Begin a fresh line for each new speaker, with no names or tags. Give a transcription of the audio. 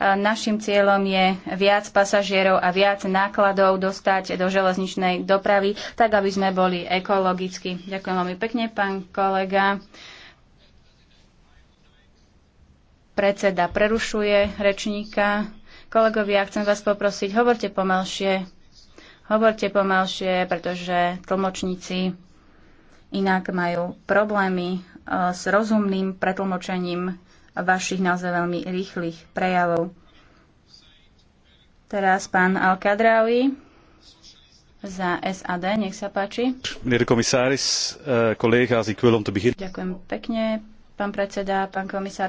Našim cieľom je viac pasažierov a viac nákladov dostať do železničnej dopravy, tak aby sme boli ekologicky. Ďakujem veľmi pekne, pán kolega. Predseda prerušuje rečníka. Kolegovia, chcem vás poprosiť, hovorte pomalšie. Hovorte pomalšie, pretože tlmočníci inak majú problémy eh, s rozumným pretlmočením vašich naozaj veľmi rýchlych prejavov. Teraz pán Alkadraui za SAD, nech sa páči.
Eh, Ďakujem
pekne, pán predseda, pán komisár.